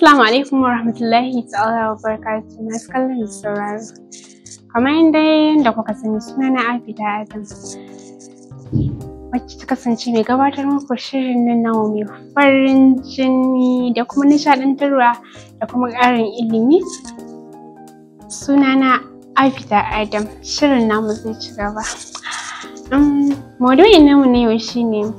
Assalamu alaikum warahmatullahi ta'ala wa na masu kallon da sauraro. Kamar yadda yadda kuka sani suna na Afida Adam. Wacce ta kasance mai gabatar muku shirin nan nawa mai farin jini da kuma nishaɗantarwa da kuma ƙarin ilimi. Suna na Afida Adam shirin namu zai ci gaba. Um, maudu'in namu na yau shine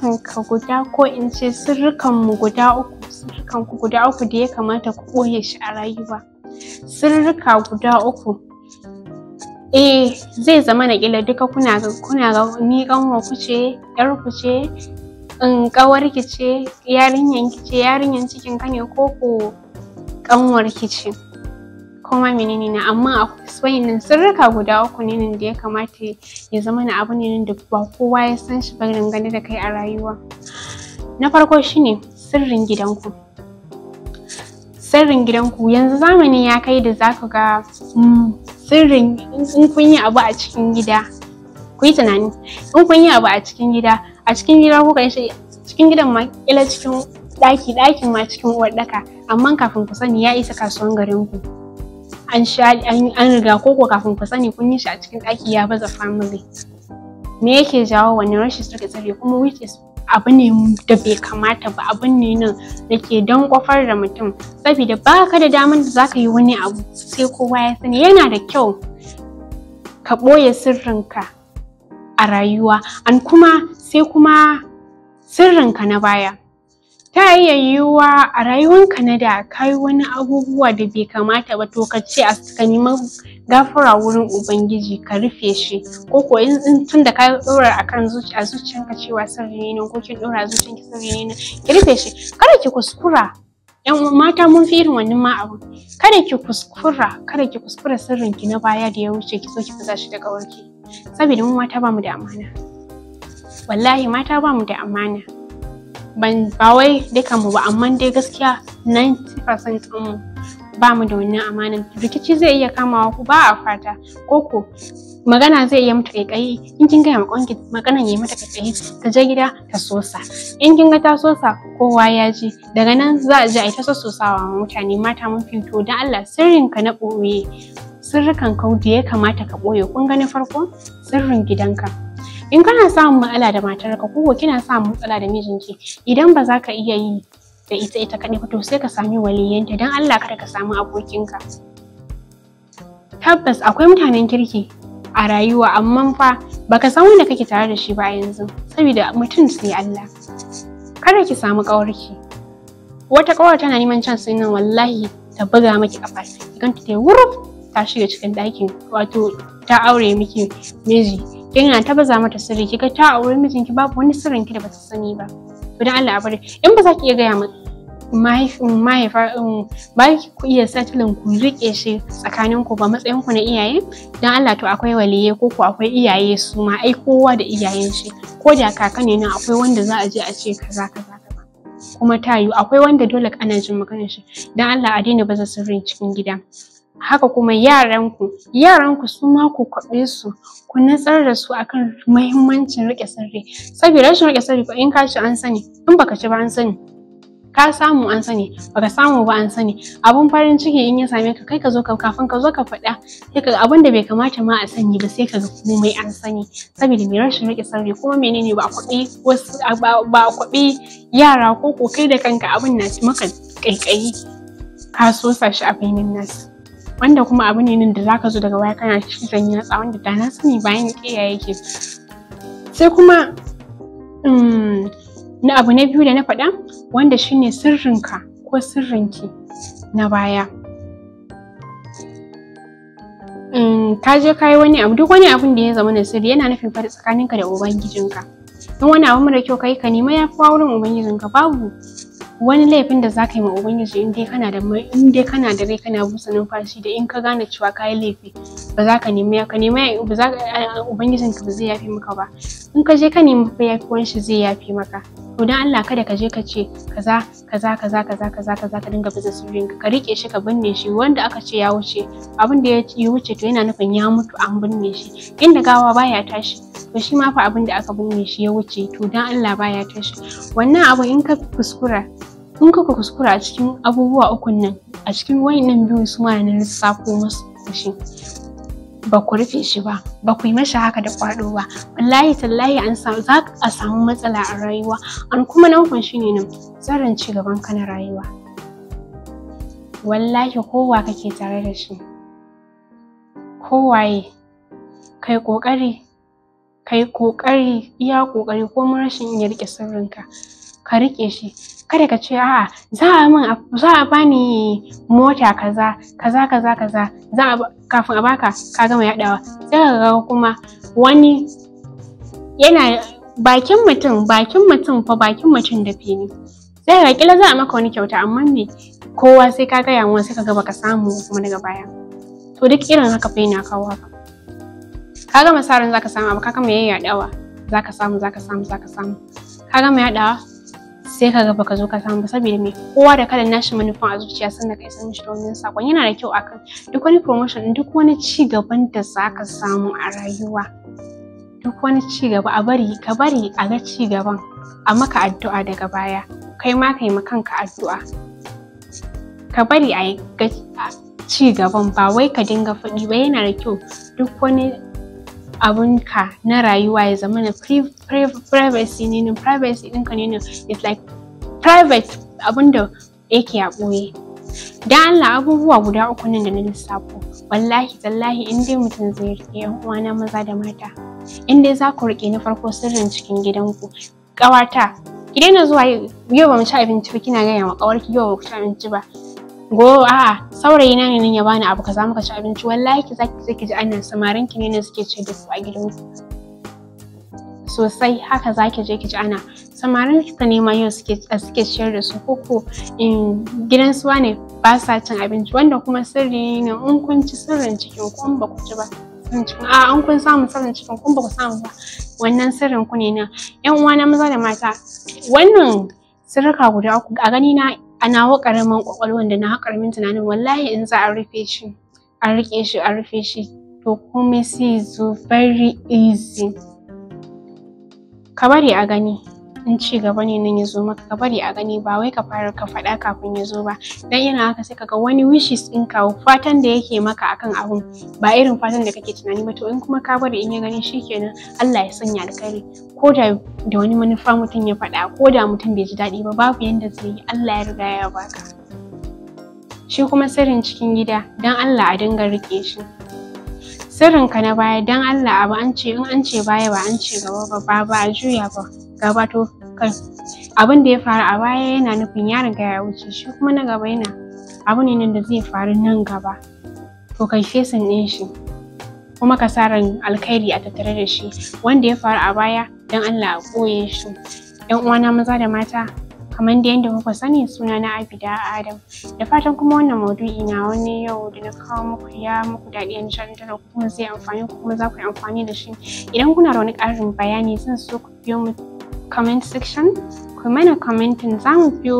Ka guda ko in ce sirrikanmu guda uku sirrikanku guda uku da ya kamata ku ɓoye shi a rayuwa sirrika guda uku eh zai zama na ƙila duka kuna ga, kuna ga ni ƙanwa ku ce ƴar ku ce in ƙawar ki ce yarinyan ki ce yarinyan cikin ka ne ko ko ƙanwar ki ce koma menene ne amma a nan? sirrika guda uku ne da ya kamata ya zama na abu ne da ba kowa ya san shi ba dangane da kai a rayuwa na farko shine sirrin gidanku sirrin gidanku yanzu zamani ya kai da za ku ga mm, sirrin in kun yi abu a cikin gida ku yi tunani in kun yi abu a cikin gida a cikin gida kuka kan shi cikin gidan ma kila cikin daki ɗakin ma cikin uwarɗaka amma kafin ku sani ya isa kasuwan garin ku an sha an riga koko kafin ku sani kun yi shi a cikin ɗaki ya baza family me yake jawo wani rashin suke tsare kuma wuce abu ne da bai kamata ba abu ne nan da ke don kofar da mutum saboda ba ka da damar da zaka yi wani abu sai kowa ya sani yana da kyau ka ɓoye sirrinka a rayuwa an kuma sai kuma sirrinka na baya ta iya yiwuwa a rayuwanka na da ka yi wani abubuwa da bai kamata ba to ka ce a ka neman gafara wurin ubangiji ka rufe shi ko ko in tun da ka dora akan zuciya zuciyanka cewa sirri ne ko kin dora zuciyanki sirri ne ki rufe shi kada ki kuskura yan mata mun fi irin wannan ma abu kada ki kuskura kada ki kuskura sirrin ki na baya da ya wuce ki so ki fita shi daga warki saboda mu mata ba mu da amana wallahi mata ba mu da amana ban ba wai dai mu ba amma dai gaskiya 90% din mu ba mu da wannan amanan rikici zai iya kamawa ku ba a fata ko magana zai iya mata kai in kin gaya makon magana ya mata kai ta je gida ta sosa in kin ga ta sosa kowa ya ji daga nan za a ji a yi ta sosawa mutane mata mun fito dan Allah sirrin ka na boye sirrikan kaudu ya kamata ka ɓoye kun gani na farko sirrin gidanka in kana samun matsala da matar ka, ko kina samun matsala da mijinki idan ba za ka iya yi da ita ita kaɗai ba to sai ka sami waliyanta don Allah kada ka samu abokinka tabbas akwai mutanen kirki a rayuwa amma fa baka san wanda kake tare da shi ba yanzu saboda mutum sai Allah kada ki samu ƙawarki wata ƙawar tana neman can sun wallahi ta buga miki kafa idan ta wuruf ta shiga cikin ɗakin wato ta aure miki miji yana ta za mata sirri kiga ta mijin mijinki babu wani sirrin ki da bata sani ba to dan Allah a bari in ba za ki iya gaya ma mahaifa um, ba ki ku iya satilin ku rike shi tsakanin ku ba matsayin ku na iyaye dan Allah to akwai waliye ko ko akwai iyaye su ma ai kowa da iyayen shi ko da kaka ne na akwai wanda za a je a ce kaza kaza kuma ta yiwu akwai wanda dole ana jin maganar shi dan Allah a daina baza sirrin cikin gida haka kuma yaranku yaranku su ma ku kwaɓe su ku nutsar da su akan muhimmancin riƙe sirri saboda rashin riƙe sirri in ka ci an sani in baka ci ba an sani ka samu an sani baka samu ba an sani abun farin ciki in ya same ka kai ka zo ka kafin ka zo ka faɗa sai ka abun da bai kamata ma a sani ba sai ka ga komai an sani saboda mai rashin rike sarri kuma menene ba kwaɓi wasu ba kwaɓe yara ko ko kai da kanka abun na maka kai-kai, ka so shi a bainin nasu wanda kuma abu ne da zaka zo daga baya kana sanyi yatsa wanda da na sani bayan ƙiya yake sai kuma um, na abu na biyu da na faɗa wanda shine sirrinka ko sirrinki na baya um, ka je ka wani abu duk wani abun da ya zama na sirri yana nufin fari tsakaninka da ubangijinka don wani abu mara kyau kai ka nema ya fi wurin ubangijinka babu wani laifin da za ka yi ma ubangiji in kana da in dai kana da rai kana busa numfashi da in ka gane cewa ka yi laifi ba za ka nemi ka nemi ba za ubangijin ka ba zai yafi maka ba in ka je ka nemi fa yafi wanshi zai yafi maka to dan Allah kada ka je ka ce kaza kaza kaza kaza kaza kaza ka dinga bisa sirrin ka rike shi ka binne shi wanda aka ce ya wuce abin da ya wuce to yana nufin ya mutu an binne shi inda gawa baya tashi to shi ma fa abin da aka binne shi ya wuce to dan Allah baya tashi wannan abu in ka fuskura. in ka kuskura a cikin abubuwa ukun nan a cikin wayannan biyu su ma na lissafo masu shi ba ku rufe shi ba ba ku yi mashi haka da kwado ba wallahi tallahi an samu za a samu matsala a rayuwa an kuma naukun shi ne nan tsarin ci gaban ka na rayuwa wallahi kowa kake tare da shi kowaye kai kokari kai kokari iya kokari ko rashin iya rike sirrinka ka riƙe shi kada ka ce a'a za a min za a bani mota kaza kaza kaza kaza za a kafin a baka ka gama yaɗawa sai ka ga kuma wani yana bakin mutum bakin mutum fa bakin mutum da fini sai ka kila za a maka wani kyauta amma me kowa sai ka gaya mu sai ka ga baka samu kuma daga baya to duk irin haka fa yana kawo haka ka gama sa ran zaka samu abu ka gama yayin yaɗawa zaka samu zaka samu zaka samu ka gama yaɗawa sai ka ga baka zo ka samu ba saboda mai. kowa da kalan nashi manufan a zuciya sannan kai san shi da wannan sakon yana da kyau akan duk wani promotion duk wani ci gaban da zaka samu a rayuwa duk wani ci gaba a bari ka bari a ga ci gaban a maka addu'a daga baya kai ma kai ma kanka addu'a ka bari a ga ci gaban ba wai ka dinga faɗi ba yana da kyau duk wani abunka na rayuwa ya zama na privacy ne ne privacy ɗinka ne ne it's like private abinda yake a ɓoye dan Allah abubuwa guda uku ne da na lissafo wallahi tallahi in dai mutum zai riƙe yan uwana maza da mata in dai za ku riƙe na farko sirrin cikin gidanku ƙawata ki daina zuwa yau ba mu ci abinci ba kina gaya ma ƙawarki yau ba ku ci abinci ba go a saurayi na ne nan ya bani abu kaza muka ci abinci wallahi ki zaki zaki ji annan samarin ki ne ne suke ce da su a gidan sosai haka zaki je ki ji ana samarin ki ta nema yau suke suke ciyar da su koko in gidan su ne ba sa cin abinci wanda kuma sirri ne in kun ci sirrin cikin ku ba ku ci ba a an kun samu sirrin cikin kun ba ku samu ba wannan sirrin ku ne na yan uwa na maza da mata wannan sirrika guda a gani na a nawa ƙaramin ƙwaƙwalwan da nawa karamin tunanin wallahi in za a rufe shi a riƙe shi a rufe shi to komai sai zo very easy ka bari a gani in ci gaba ne nan ya zo maka ka bari a gani ba wai ka fara ka faɗa kafin ya zo ba dan yana haka sai kaga wani wishes in ka fatan da yake maka akan abun ba irin fatan da kake tunani ba to in kuma ka bari in ya gani shikenan Allah ya sanya alkhairi ko da da wani manufa mutum ya faɗa ko da mutum bai ji daɗi ba babu yanda zai yi Allah ya riga ya baka shi kuma sirrin cikin gida dan Allah a dinga rike shi sirrinka na baya dan Allah abu an ce in an ce baya ba an ce gaba ba ba a juya ba gabato kan abin da ya faru a baya yana nufin ya riga ya wuce shi kuma na gaba yana abu ne da zai faru nan gaba to kai fesin ɗin shi kuma ka ran alkhairi a tattare da shi wanda ya faru a baya don Allah a ɓoye shi yan uwana maza da mata kamar da yadda kuka sani suna na abida adam da fatan kuma wannan maudu'i na wani yau da na kawo muku ya muku daɗi a nishaɗantar da kuma zai amfani kuma za ku yi amfani da shi idan kuna da wani ƙarin bayani zan so ku biyo mu comment section. Kwa maana comment zangu pia